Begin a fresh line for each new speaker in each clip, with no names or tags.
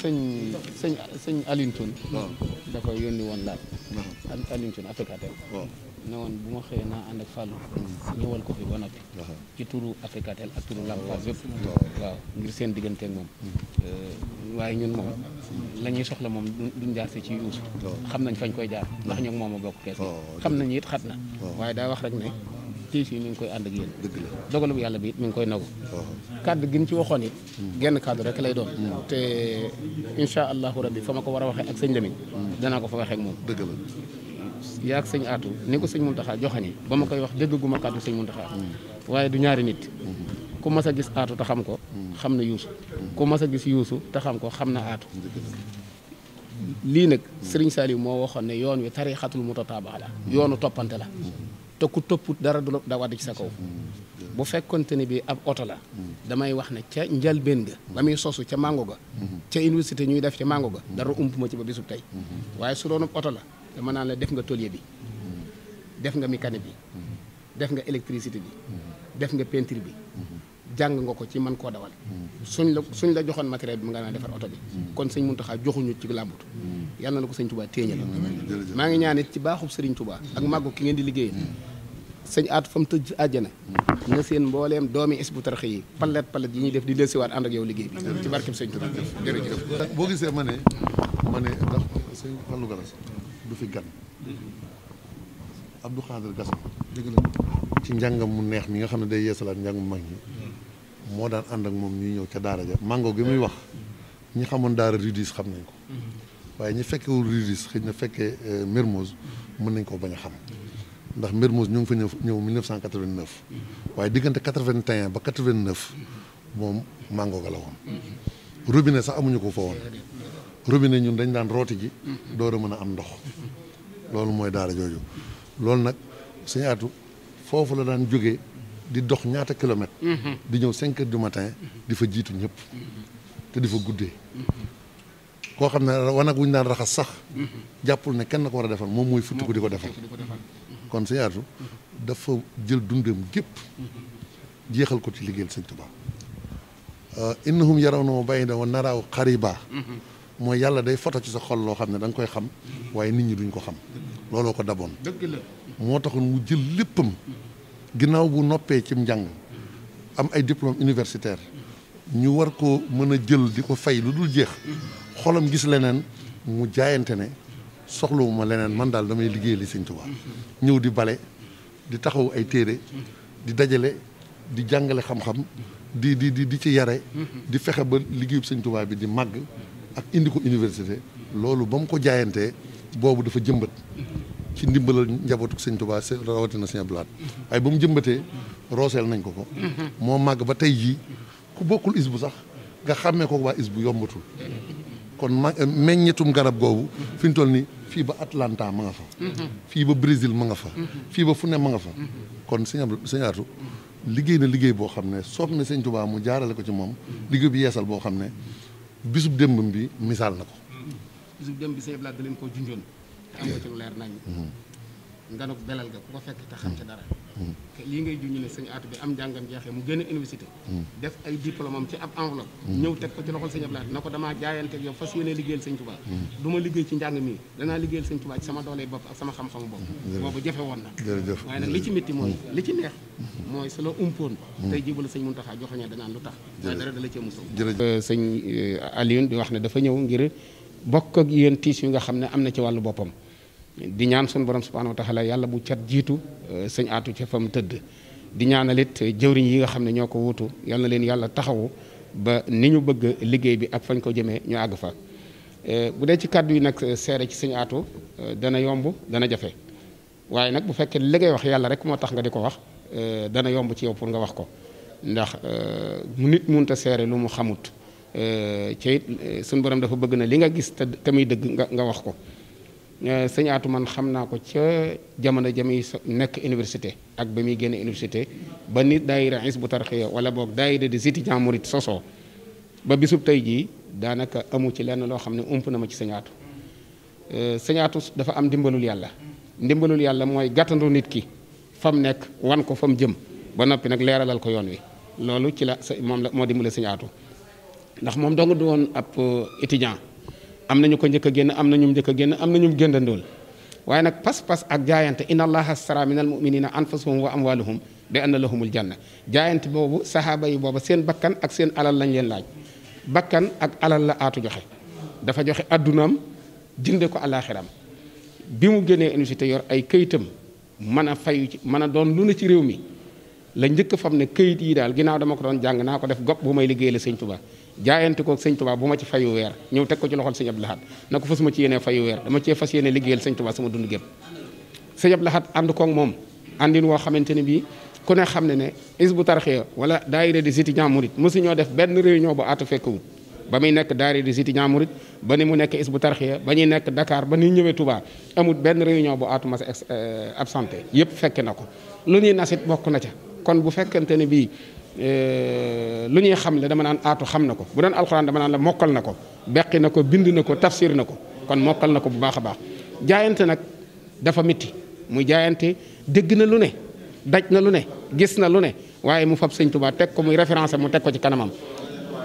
sëñ sëñ sëñ Alioune Tune da ko yónni woon daal Alioune Tune Africatel ne woon bu ma xëyee naa ànd ak Fallou mm-hmm. ñëwal ko fi ba noppi ci turu Africatel ak turu Lamp Fall yëpp waaw ngir seen diggante ak moom mm-hmm. euh, waaye ñun moom mm-hmm. la ñuy soxla moom duñ jaar si ci yuusu xam nañ fañ koy jaar ndax ñoom moom a bokk kees xam nañ it xat na waaye daa wax rek ne tiis yi mi ngi koy ànd ak yéen dogalu bu yàlla bi mu ngi koy nagu oh. kàdd gi ñu ci waxoon it mm. genn kàddu rek lay doon mm. te insha allahu rabbi fa ma ko war a waxee ak sëñ Lamine mm. danaa ko fa waxee ak moom dëgg la yaa ak sëñ aatu ni ko sëñ Muntaxa joxani ba ma koy wax dégg gu ma kàddu sëñ Muntaxa waaye du ñaari nit mm-hmm. ku mas a gis aatu te xam ko xam na yuusu ku mas a gis yuusu te xam ko xam na aatu lii nag sëriñ Saliou moo waxoon ne yoon wi tarixatul mutataabax la yoonu toppante la te ku topput dara du la wàdd ci sa kaw bu fekkonte ni bi ab oto la damay wax ne ca njalbeen ga ba muy sosu ca màngo ga ca université ñuy def ca màngo ga dara ump ci ba bisub tey waaye su doon ab oto la dama naan la def nga tôlier bi def nga mécanique bi def nga électricité bi def nga peinture bi jàng nga ko ci man koo dawal suñ la suñ la joxoon matériel bi mu nga naa defar oto bi kon sëñ Muntaxa joxuñu ci làmbut yàlla na la ko sëñ Touba téeñal maa ngi ñaan it ci baaxub sëriñ Touba ak màggu ki ngeen di sëñ aat fa mu tëj àjjana na seen mbooleem doomi isbu tarxe yi palet palet yi ñuy def di dellusiwaat ànd ak yow liggéey bi ci barkeb sëñ Tuubaa
boo gisee ma ne ma ne ndax sëñ Fallou Galas du fi gan Abdou Khadir Gass dëgg la mu neex mi nga xam ne day yeesalaat njàngam mag ñi moo daan ànd ak moom ñuy ñëw ca daara ja màngoo gi muy wax ñi xamoon daara rudis xam nañ ko waaye ñi fekkewul rudis xëy na fekkee euh, Mermoz mën nañ ko bañ a xam ndax Mermoz ñu ngi fa ñëw ñëw 1989 waaye diggante 81 ba 89 moom mango ga la woon robine sax amuñu ko fa woon robinet ñun dañ daan rooti ji doo a mën a am ndox loolu mooy daara jooju loolu nag suñu foofu la daan jógee di dox ñaata kilomètre di ñëw cinq heures du matin di fa jiitu ñëpp te di fa guddee koo xam ne wanag wuñu daan raxas sax jàppul ne kenn ko war a defal moom mooy futti ko di ko defal kon sëñ Atou dafa jël dundam gépp jéexal ko ci liggéeyal sëñ Tuubaa euh, innahum yarawna ba'iidan wa naraahu qariiban moo yàlla day foto ci sa xol loo xam ne da koy xam waaye nit ñi duñ ko xam looloo ko daboon moo taxoon mu jël léppam ginnaaw bu noppee ci njàng am ay diplôme universitaire ñu war ko mën a jël di ko fay lu dul jeex xolam gis leneen mu jaayante ne soxlawu ma leneen man daal damay liggéey li sëñ Tuubaa ñëw di bale di taxaw ay téere di dajale di jàngale xam-xam di di di di ci yare di fexe ba liggéeyub sëñ Tuubaa bi di màgg ak indi ko université loolu ba mu ko jaayantee boobu dafa jëmbat ci ndimbalal njabootu sëñ Tuubaa rawatina sëñ Abdou Lahad waaye ba mu jëmbatee rooseel nañ ko ko moo màgg ba tey jii ku bokkul is bu sax nga xàmmee ko waa is bu yombatul kon ma eh, meññetum garab googu fi ñu toll nii fii ba Atlanta ma nga fa fii ba Brésil ma nga fa fii ba fu ne ma nga fa kon sëñ Abdou liggéey na liggéey boo xam ne soob na sëñ Tuubaa mu jaarale ko ci moom liggéey bi yeesal boo xam ne bisub démbam bi misaal na ko
bisub démb bi sëñ Abdou da leen koo junjoon te nga ci
mm-hmm.
belal ga ku ko fekk te xam ci dara te lii ngay junj ne sëñ Atou bi am njàngam jeexee mu génn université mm. def ay diplôme am ci ab enveloppe mm. ñëw teg ko ci loxol sëñ Abdoulaye na ko damaa jaayante ak yow fas yéene liggéeyal sëñ Touba mm. du ma liggéey mi danaa liggéeyal sëñ Touba ci sama doolee bopp ak sama xam-xamu bopp boobu jafe woon nag li ci métti mooy li ci neex mooy su la umpoon tey jii bu la sëñ Mountakha joxoñee danaan lu tax waaye dara dala cee musul euh, sëñ euh, Alioune bi wax ne dafa ñëw ngir bokk ak yéen tiis yi nga xam ne am na ci wàllu boppam di ñaan sun borom subhanahu wa taala yàlla bu cat jiitu euh, sëñ aatu ca fam tëdd di ñaanalit jëwriñ yi nga xam ne ñoo ko wutu yal leen yàlla taxawu ba ni ñu bëgg liggéey bi ak fañ ko jëmee ñu àgg fa euh, bu dee ci kàddu yi nag euh, seere ci sëñ aatu dana yomb dana jafe waaye nag bu fekkee li ngay wax yàlla rek moo tax nga di ko wax dana yomb ci yow pour nga wax ko ndax mu nit munta seere lu mu xamut ci it sun borom dafa bëgg na li nga gis te muy dëgg nga nga wax ko Euh, sëñ Atou man xam naa ko ca jamono ja muy nekk université ak ba muy génn université ba nit daayira bu Tarqiyyah wala boog daayira des étudiants mourides sosoo ba bisub tey jii daanaka amu ci lenn loo xam ne ump na ma ci sëñ Atou euh, sëñ Atou dafa am ndimbalul yàlla ndimbalul yàlla mooy gàttandoo nit ki fa nekk wan ko fa mu jëm ba noppi nag leeralal ko yoon wi loolu ci la moom la moo dimbale sëñ Atou ndax moom dong du woon ab euh, étudiant am nañu ko njëkk a génn am na ñum njëkk a génn am na ñum géndandool waaye nag pas-pas ak jaayante inna allaha stara min almuminina anfusahum wa amwaluhum bi anna lahumul janna jaayante boobu sahaaba yi booba seen bakkan ak seen alal lañ leen laaj bakkan ak alal la aatu joxe dafa joxe addunaam jënde ko alaxiram bi mu génnee université yor ay këyitam mën a fayu ci mën a doon lu ne ci réew mi la njëkk fam ne këyit yi daal ginnaaw dama ko doon jàng naa ko def gopp bu may liggéey la sëñ Tuubaa jaayante ko sëñ Tuubaa bu ma ci fayu weer ñëw teg ko ci loxol sëñ Abdou Lahad na ko fas ma ci yéene fayu weer dama cee fas yéene liggéeyal sëñ Tuubaa sama dund gépp sëñ Abdou Lahad ànd koog moom àndin woo xamante ne bii ku ne xam ne ne Hizbut Tarqiyyah wala daayira des étudiants murid mosu ñoo def benn réunion bu aatu fekkwu ba muy nekk daayira des étudiants murid ba ni mu nekk Hizbut Tarqiyyah ba ñuy nekk Dakar ba ni ñëwee Touba amul benn réunion bu aatu mas euh, absenté yëpp fekke na ko lu ñuy nasit bokk na ca kon bu fekkente ne bii eh, lu ñuy xam le dama naan aatu xam na ko bu doon alxuraan dama naan la mokkal na ko beqi na ko bind na ko tafsir na ko kon mokkal na ko bu baax a baax jaayante nag dafa mitti mu jaayante dégg na lu ne daj na lu ne gis na lu ne waaye mu fab sëñ Tuubaa teg ko muy référence mu teg ko ci kanamam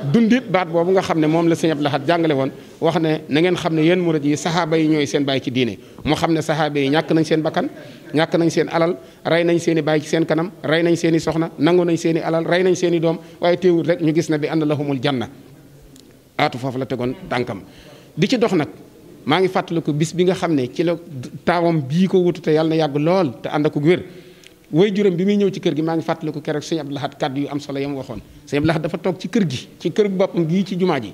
dundit baat boobu nga xam ne moom la sëñ Abdou Lahad woon wax ne na ngeen xam ne yéen murid yi saxaaba yi ñooy seen baay ci diine moo xam ne saxaaba yi ñàkk nañ seen bakkan ñàkk nañ seen alal rey nañ seen i ci seen kanam rey nañ seeni soxna nangu nañ seeni i alal rey nañ seeni doom waaye teewul rek ñu gis na bi ànd lahumul janna aatu foofu la tegoon tànkam di ci dox nag maa ngi fàttaliku bis bi nga xam ne ci la taawam bii ko wutu te yàlla yàgg lool te ànd ak wér way juróom bi muy ñëw ci kër gi maa ngi fàttaliku keroog sëñ Abdou Lahad kàddu yu am solo yam waxoon sëñ Abdou Lahad dafa toog ci kër gi ci kër gi boppam gii ci jumaa ji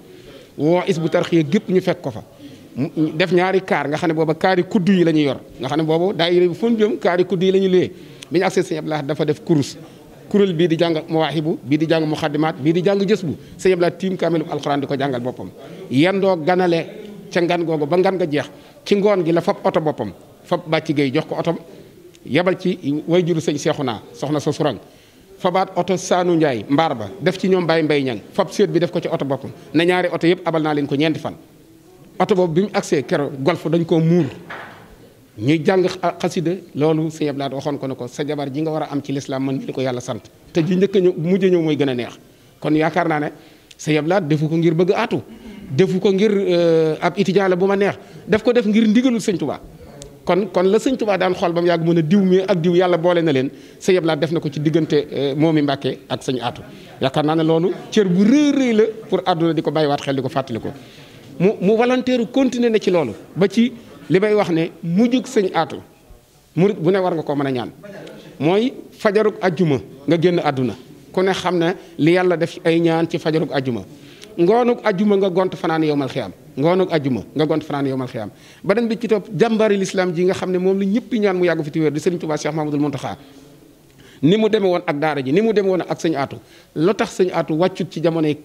woo Hizbut Tarqiyyah gépp ñu fekk ko fa def ñaari kaar nga xam ne booba kaari kuddu yi la ñuy yor nga xam ne boobu daa bi fon jëm kaari kuddu yi la ñuy lée bi ñu agsee sëñ Abdou Lahad dafa def kurus kuréel bii di jàng bu bii di jàng mu muxaddimaat bii di jàng jës bu sëñ Abdou Lahad tiim kaamilu alxuraan di ko jàngal boppam yendoo ganale ca ngan googu ba ngan jeex ci ngoon gi la fab oto boppam fab bàcc gay jox ko oto yabal ci way wayjuru sëñ naa soxna sa surang fabaat oto saanu Ndiaye mbaar ba def ci ñoom Baye mbay ñan fab seet bi def ko ci oto boppam na ñaari oto yëpp abal naa leen ko ñeenti fan oto boobu bi mu agsee keroo golf dañ koo muur ñuy jàng xasida loolu sëñ Abdoulaye waxoon ko ne ko sa jabar ji nga war a am ci lislaam man ni ko yàlla sant te ji njëkka a ñëw mujj ñëw mooy gën a neex kon yaakaar naa ne sa Abdoulaye defu ko ngir bëgg aatu defu ko ngir euh, ab étudiant la bu ma neex daf ko def ngir ndigalul sëñ Tuubaa kon kon la sëñ Tuubaa daan xool ba mu yàgg mën a diw mi ak diw yàlla boole na leen sëñ Abdou Lahad def na ko ci diggante eh, moom mi Mbàkke ak sëñ atu yaakaar naa ne loolu cër bu rëy rëy la pour àdduna di ko bàyyiwaat xel di ko fàttali ko mu mu volontaire continuer na ci loolu ba ci li may wax ne mujjug sëñ Aatu murit bu ne war nga koo mën a ñaan mooy fajarug ajjuma nga génn àdduna ku ne xam ne li yàlla def ay ñaan ci fajarug ajjuma ngoonug ajjuma nga gont fanaan yow mal xiyaam ngoonuk ajuma nga gont fanaan yowmal xiyaam beneen bi ci topp jàmbaari lislaam ji nga xam ne moom la ñëpp ñaan mu yàggu fi ti wér di Serigne Touba Cheikh Mahamadul Muntaxa ni mu deme woon ak daara ji ni mu deme woon ak sëñ aatu lu tax sëñ atu wàccut ci jamonoy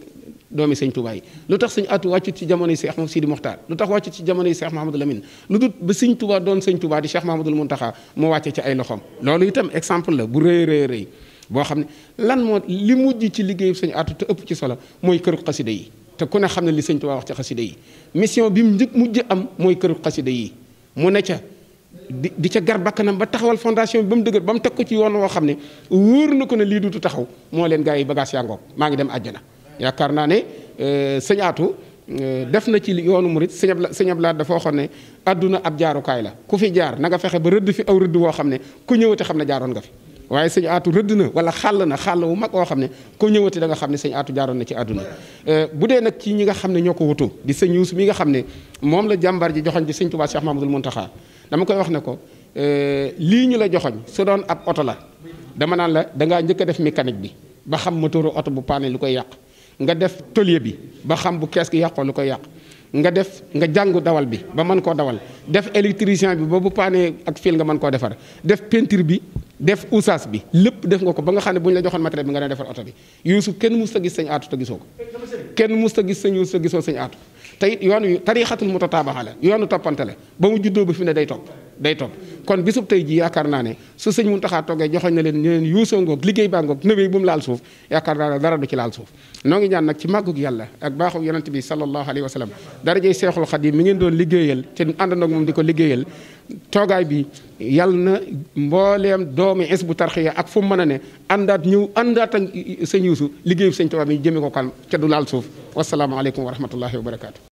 doomi sëñ Touba yi lu tax sëñ aatu wàccut ci jamonoy Cheikh Mouhamed Sidi Mokhtar lu tax wàccut ci jamonoy Cheikh Mahamadul Amin lu dut ba sëñ Touba doon sëñ Touba di Cheikh Mahamadul Muntaxa mu wàcce ci ay loxoom loolu itam exemple la bu rëy rëy rëy boo xam ne lan moo li mujj ci liggéey sëñ aatu ëpp ci solo mooy këru xasida yi te ku ne xam ne li sëñ Tuubaa wax ci xasida yi mission bi mu njëkk mujj am mooy këru xasida yi mu ne ca di di ca gar bakkanam ba taxawal fondation bi ba mu dëgër ba mu teg ko ci yoon woo xam ne wóor na ko ne lii tu taxaw moo leen gars yi bagage yaa ngoog maa ngi dem àjjana yaakaar naa ne euh, sëñ Atou euh, def na ci yoonu murit sëñ Abla sëñ Abla dafa waxoon ne àdduna ab jaarukaay la ku fi jaar na nga fexe ba rëdd fi aw rëdd woo xam ne ku ñëwate xam ne jaaroon nga fi waaye sëñ aatu rëdd na wala xàll na xàll wu mag woo xam ne ko ñëwati da nga xam ne señ aatu jaaroon na ci àdduna euh, bu dee nag ci ñi nga xam ne ñoo ko wutu di sëñ yuus mi nga xam ne moom la jàmbar ji joxoñ ci sëñ Tuubaa Cheikh Mamadul Muntaxa dama koy wax ne ko euh, lii ñu la joxoñ su doon ab oto la dama naan la dangaa njëkk a def mécanique bi ba xam motoru oto bu paane lu koy yàq nga def tôlier bi ba xam bu kees gi yàqoo lu koy yàq nga def nga jàngu dawal bi ba mën koo dawal def électricien bi ba paanee ak fil nga mën koo defar def peinture bi def usaas bi lépp def nga ko ba nga xam ne bu ñu la joxoon matériel bi nga ne defar oto bi Yuusuf kenn mus ta gis sëñ aatu te gisoo ko kenn mus ta gis sëñ Yuusuf te gisoo sëñ aatu te it yoon yu tarixatul mutataabaxa la yoonu toppante la ba mu juddoo ba fi ne day topp day topp kon bisub tey ji yaakaar naa ne su sëñ Muntaxa toggee joxoñ na leen ñu leen yuusoo ngoog liggéey baa ngoog nëbéy bu mu laal suuf yaakaar naa ne dara du ci laal suuf noo ngi ñaan nag ci màggug yàlla ak baaxug yonent bi sallallahu alayhi wa sallam darajey seexul xadim mi ngeen doon liggéeyal te ànd nag moom di ko liggéeyal toogaay bi yàlla na mbooleem doomi Hizbut Tarqiyyah ak fu mu mën a ne àndaat ñëw àndaat ak sëñ Yuusu liggéey bi sëñ Tuubaa bi jëmee ko kan ca du laal suuf wasalaamaaleykum wa rahmatullahi wa barakaatu